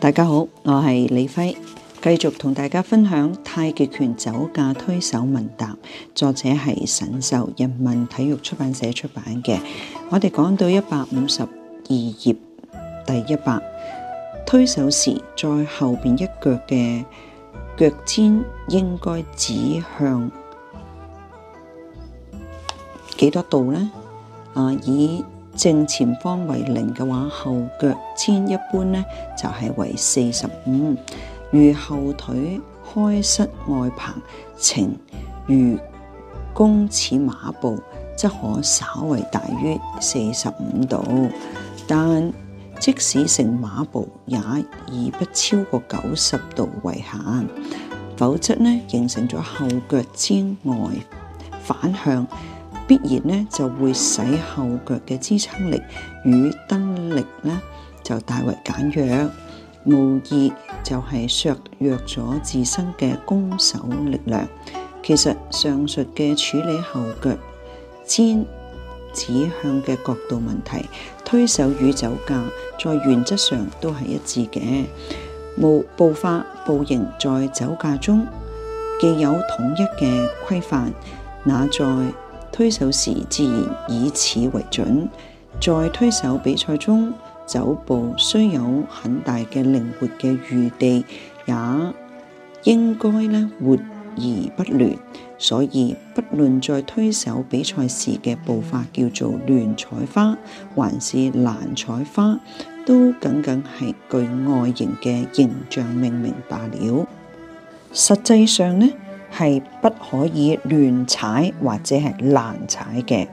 大家好，我係李輝，繼續同大家分享《太極拳走架推手問答》，作者係沈壽人民體育出版社出版嘅。我哋講到一百五十二頁第一百推手時，在後面一腳嘅腳尖應該指向幾多度呢？啊以正前方為零嘅話，後腳尖一般咧就係、是、為四十五，如後腿開膝外旁呈如弓似馬步，則可稍為大於四十五度，但即使成馬步，也以不超過九十度為限，否則咧形成咗後腳尖外反向。必然呢，就會使後腳嘅支撐力與蹬力呢，就大為減弱，無意就係削弱咗自身嘅攻守力量。其實上述嘅處理後腳尖指向嘅角度問題，推手與走架在原則上都係一致嘅。無步步法步形在走架中既有統一嘅規範，那在推手時自然以此為準，在推手比賽中走步雖有很大嘅靈活嘅餘地，也應該咧活而不亂。所以不論在推手比賽時嘅步法叫做亂彩花，還是蘭彩花，都僅僅係具外形嘅形象命名罷了。實際上呢？係不可以亂踩或者係難踩嘅。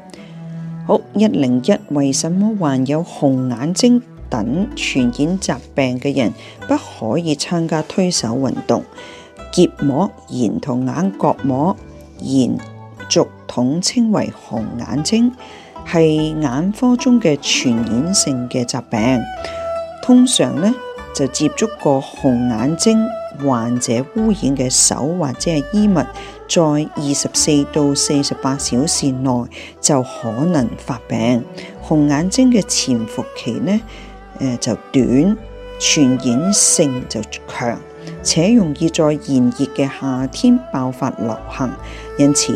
好，一零一，為什麼患有紅眼睛等傳染疾病嘅人不可以參加推手運動？結膜炎同眼角膜炎，俗統稱為紅眼睛，係眼科中嘅傳染性嘅疾病。通常呢就接觸過紅眼睛。患者污染嘅手或者係衣物，在二十四到四十八小時內就可能發病。紅眼睛嘅潛伏期呢？誒、呃，就短，傳染性就強，且容易在炎熱嘅夏天爆發流行。因此，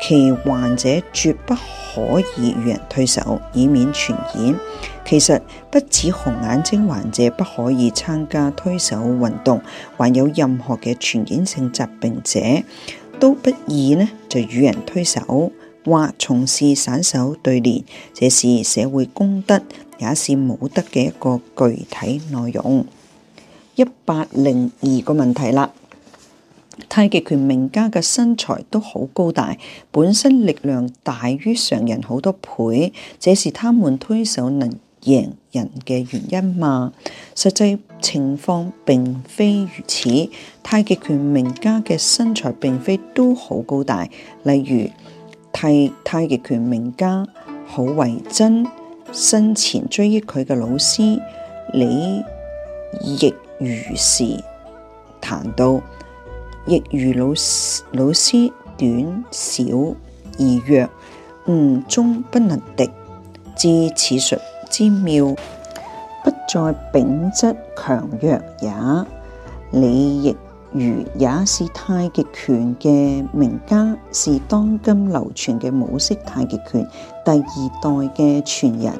其患者絕不可以與人推手，以免傳染。其實不止紅眼睛患者不可以參加推手運動，還有任何嘅傳染性疾病者都不宜呢，就與人推手或從事散手對練。這是社會公德，也是武德嘅一個具體內容。一百零二個問題啦，太極拳名家嘅身材都好高大，本身力量大於常人好多倍，這是他們推手能贏人嘅原因嘛，實際情況並非如此。太極拳名家嘅身材並非都好高大，例如太太極拳名家郝為真生前追憶佢嘅老師李亦如時談到，亦如老師老師，老師短小而弱，吾終不能敵，知此術。之妙不在秉質強弱也。李亦如也是太極拳嘅名家，是當今流傳嘅武式太極拳第二代嘅傳人。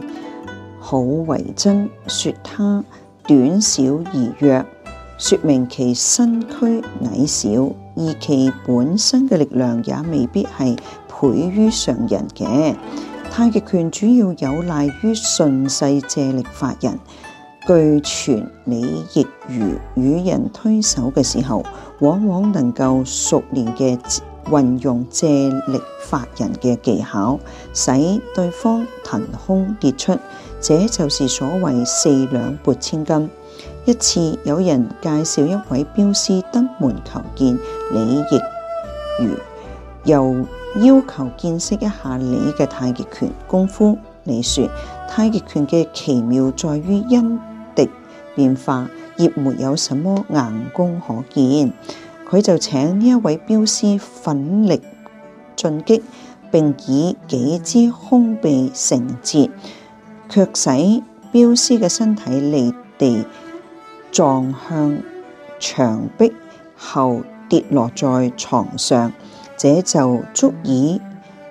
郝為真說他短小而弱，說明其身軀矮小，而其本身嘅力量也未必係倍於常人嘅。太極拳主要有賴於順勢借力發人，據傳李亦如與人推手嘅時候，往往能夠熟練嘅運用借力發人嘅技巧，使對方騰空跌出，這就是所謂四兩撥千斤。一次有人介紹一位鏢師登門求見李亦如，又。要求見識一下你嘅太極拳功夫。你說，太極拳嘅奇妙在於因敵變化，亦沒有什麼硬功可見。佢就請呢一位鏢師奮力進擊，並以幾支空臂承接，卻使鏢師嘅身體離地撞向牆壁，後跌落在床上。這就足以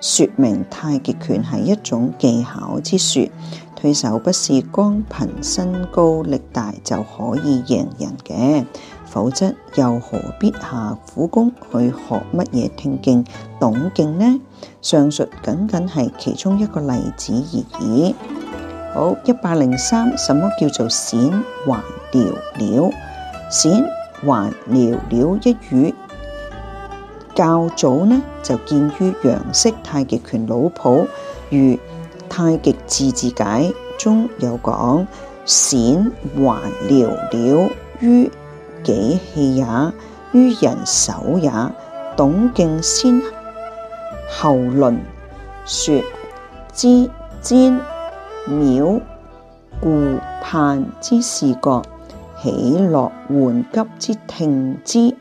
説明太極拳係一種技巧之術，推手不是光憑身高力大就可以贏人嘅，否則又何必下苦功去學乜嘢聽勁、懂勁呢？上述僅僅係其中一個例子而已。好，一百零三，什麼叫做閃還撩撩？閃還撩撩一語。較早呢就見於楊式太極拳老譜《如太極字字解》中有講：閃還寥寥於己氣也，於人手也。懂勁先後論說之瞻秒，妙顧盼之視覺，喜樂緩急之聽之。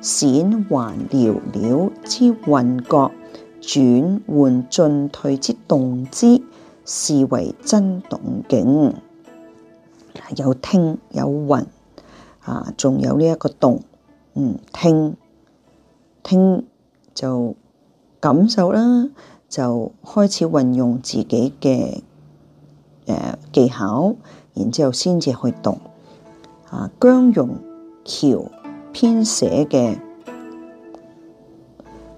閃環裊裊之運覺，轉換進退之動姿，是為真動靜。有聽有聞啊，仲有呢一個動，嗯，聽聽就感受啦，就開始運用自己嘅誒、呃、技巧，然之後先至去動啊，姜容樵。天寫嘅《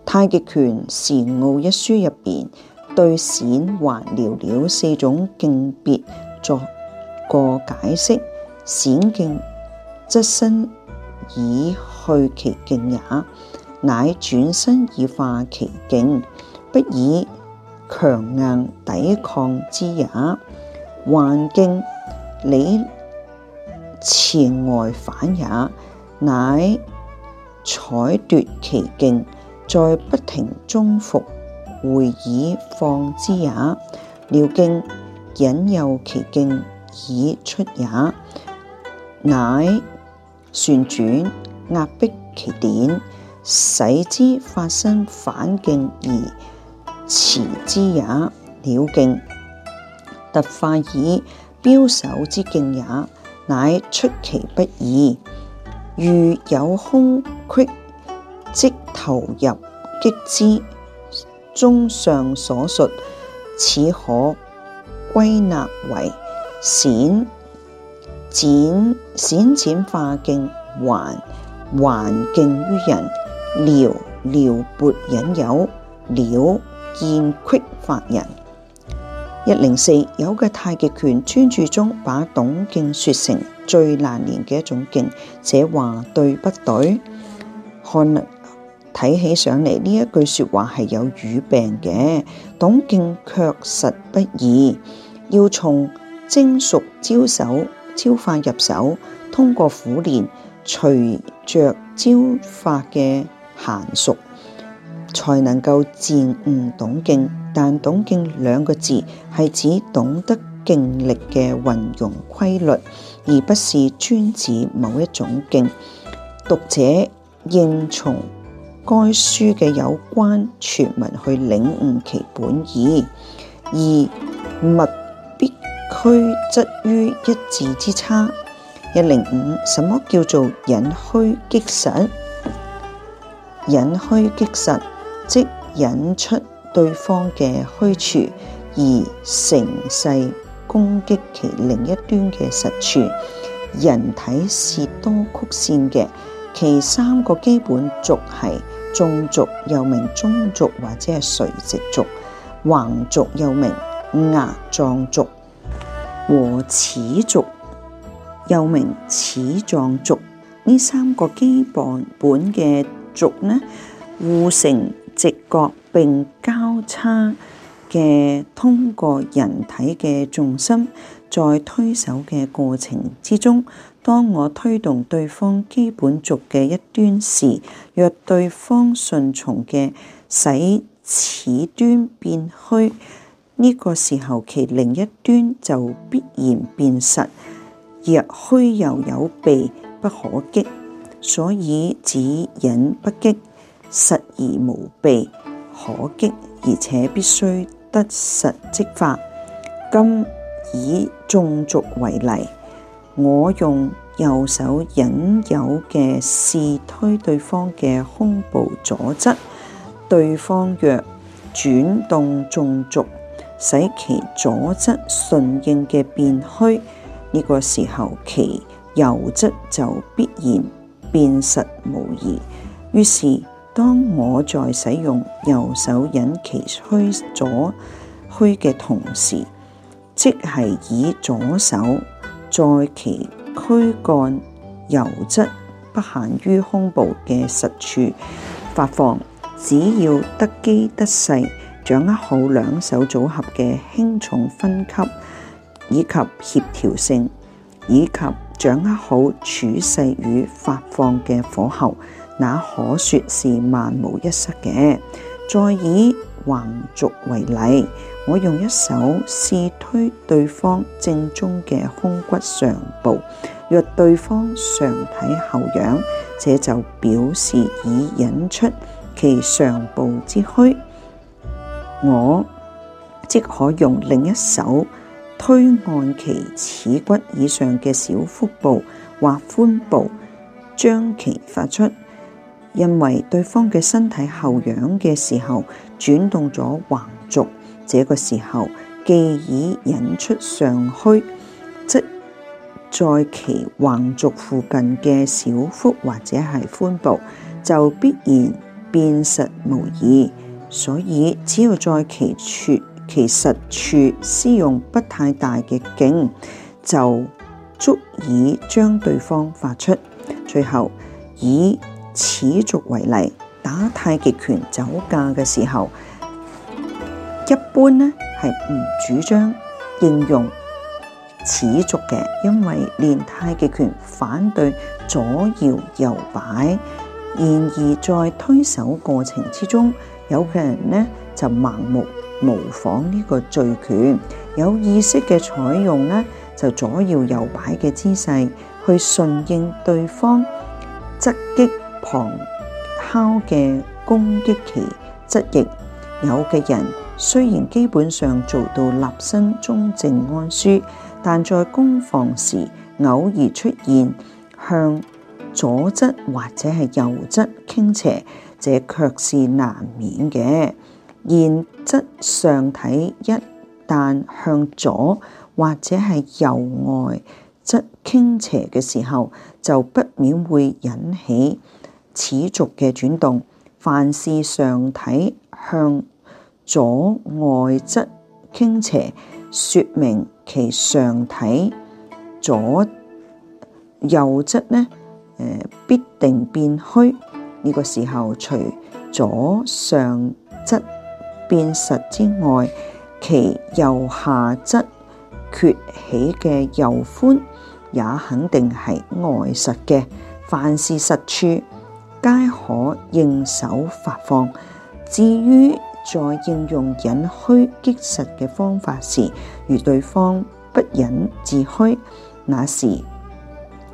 太極拳時奧一書》入邊，對閃、還、撩、撩四種勁別作個解釋。閃勁，側身以去其勁也，乃轉身以化其勁，不以強硬抵抗之也。還勁，理前外反也。乃採奪其勁，在不停中復會以放之也；料勁引誘其勁以出也，乃旋轉壓迫其點，使之發生反勁而持之也。料勁突化以標手之勁也，乃出其不意。如有空隙，即投入擊之。綜上所述，此可歸納為閃剪、閃剪化勁，還還勁於人，撩撩撥引誘撩見隙發人。一零四，有嘅太極拳專著中，把懂勁說成最難練嘅一種勁，這話對不對？看睇起上嚟，呢一句說話係有語病嘅。懂勁確實不易，要從精熟招手招法入手，通過苦練，隨着招法嘅嫻熟。才能夠漸悟懂勁，但懂勁兩個字係指懂得勁力嘅運用規律，而不是專指某一種勁。讀者應從該書嘅有關全文去領悟其本意，而勿必拘執於一字之差。一零五，什麼叫做隱虛擊實？隱虛擊實，即引出對方嘅虛處，而乘勢攻擊其另一端嘅實處。人體是多曲線嘅，其三個基本族係：中族又名中族，或者係垂直族；橫族又名牙狀族；和齒族又名齒狀族。呢三個基本本嘅族呢，互成直角並交叉嘅通過人體嘅重心，在推手嘅過程之中，當我推動對方基本軸嘅一端時，若對方順從嘅使此端變虛，呢、這個時候其另一端就必然變實。若虛又有備不可擊，所以只引不擊實。而無備可擊，而且必須得實即發。今以中軸為例，我用右手引誘嘅試推對方嘅胸部左側，對方若轉動中軸，使其左側順應嘅變虛，呢、這個時候其右側就必然變實無疑，於是，當我在使用右手引其虛左虛嘅同時，即係以左手在其軀幹、油質、不限於胸部嘅實處發放，只要得機得勢，掌握好兩手組合嘅輕重分級，以及協調性，以及掌握好處勢與發放嘅火候。那可說是萬無一失嘅。再以橫軸為例，我用一手試推對方正中嘅胸骨上部，若對方上體後仰，這就表示已引出其上部之虛，我即可用另一手推按其恥骨以上嘅小腹部或髖部，將其發出。因為對方嘅身體後仰嘅時候，轉動咗橫軸，這個時候既已引出上虛，即在其橫軸附近嘅小腹或者係髖部就必然變實無疑。所以只要在其處其實處施用不太大嘅勁，就足以將對方發出。最後以始足為例，打太極拳走架嘅時候，一般呢係唔主張應用始足嘅，因為練太極拳反對左搖右擺。然而在推手過程之中，有嘅人呢就盲目模仿呢個醉拳，有意識嘅採用呢就左搖右擺嘅姿勢去順應對方側擊。旁敲嘅攻擊期則亦有嘅人，雖然基本上做到立身中正安舒，但在攻防時偶爾出現向左側或者係右側傾斜，這卻是難免嘅。現側上體一旦向左或者係右外側傾斜嘅時候，就不免會引起。持續嘅轉動，凡是上體向左外側傾斜，說明其上體左右側呢，呃，必定變虛呢，這個時候，除左上側變實之外，其右下側崛起嘅右寬也肯定係外實嘅。凡是實處，皆可應手發放。至於在應用引虛擊實嘅方法時，如對方不引自虛，那時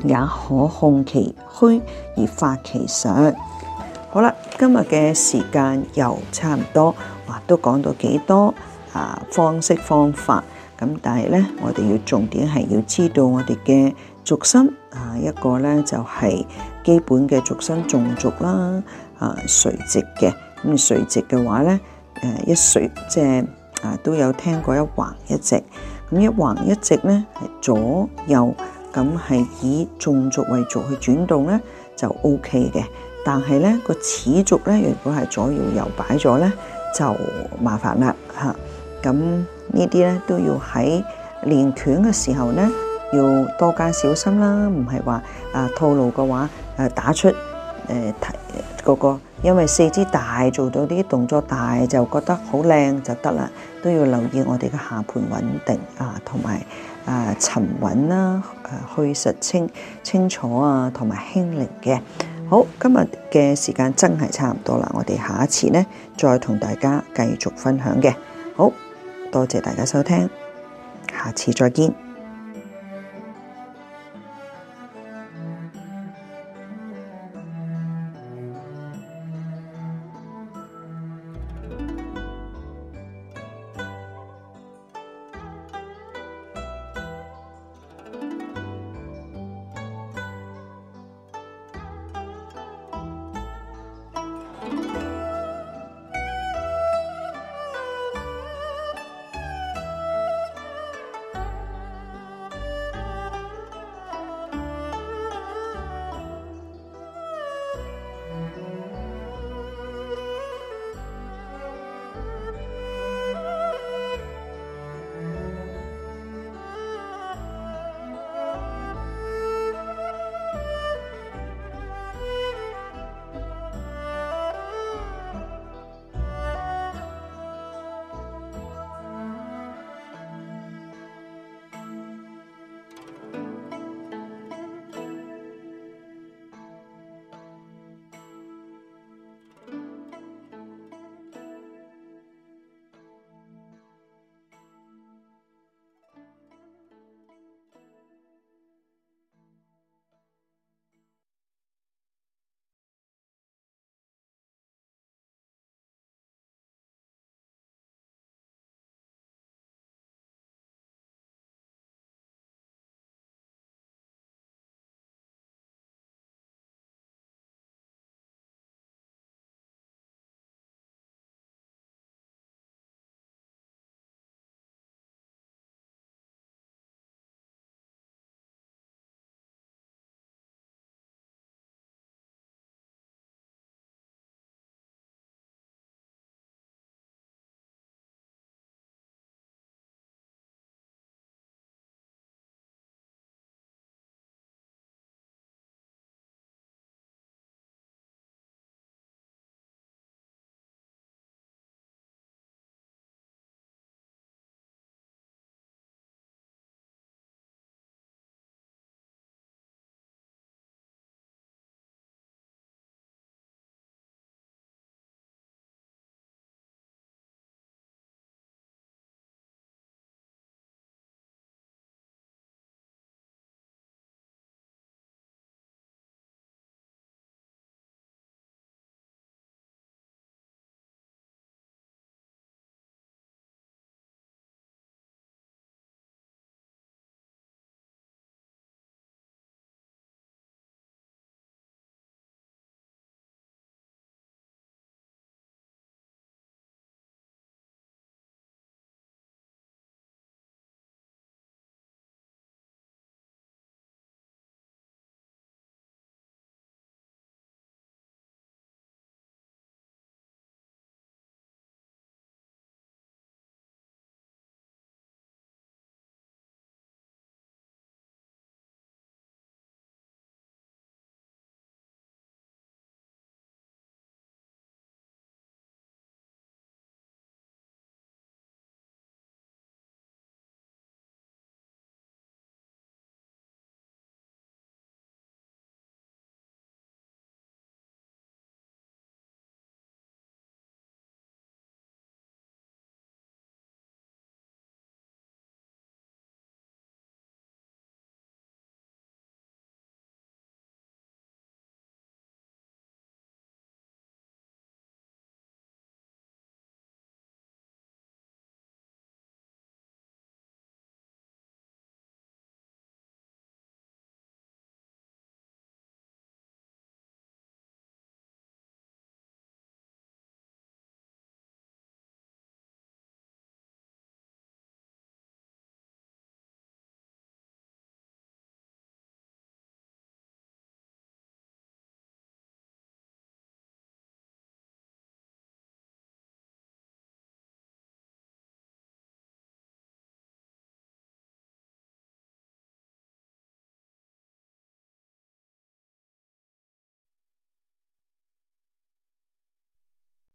也可控其虛而發其實。好啦，今日嘅時間又差唔多，哇，都講到幾多啊方式方法。咁但係咧，我哋要重點係要知道我哋嘅俗心啊一個咧就係。基本嘅軸身縱軸啦，啊垂直嘅咁、嗯、垂直嘅話咧，誒、呃、一垂即係啊都有聽過一橫一直，咁一橫一直咧係左右咁係以縱軸為軸去轉動咧就 OK 嘅，但係咧個始軸咧如果係左搖右，右擺咗咧就麻煩啦吓，咁、啊、呢啲咧都要喺練拳嘅時候咧要多加小心啦，唔係話啊套路嘅話。誒打出誒、呃、提個個，因為四肢大，做到啲動作大，就覺得好靚就得啦。都要留意我哋嘅下盤穩定啊，同埋誒沉穩啦、啊，去實清清楚啊，同埋輕靈嘅。好，今日嘅時間真係差唔多啦，我哋下一次呢，再同大家繼續分享嘅。好，多謝大家收聽，下次再見。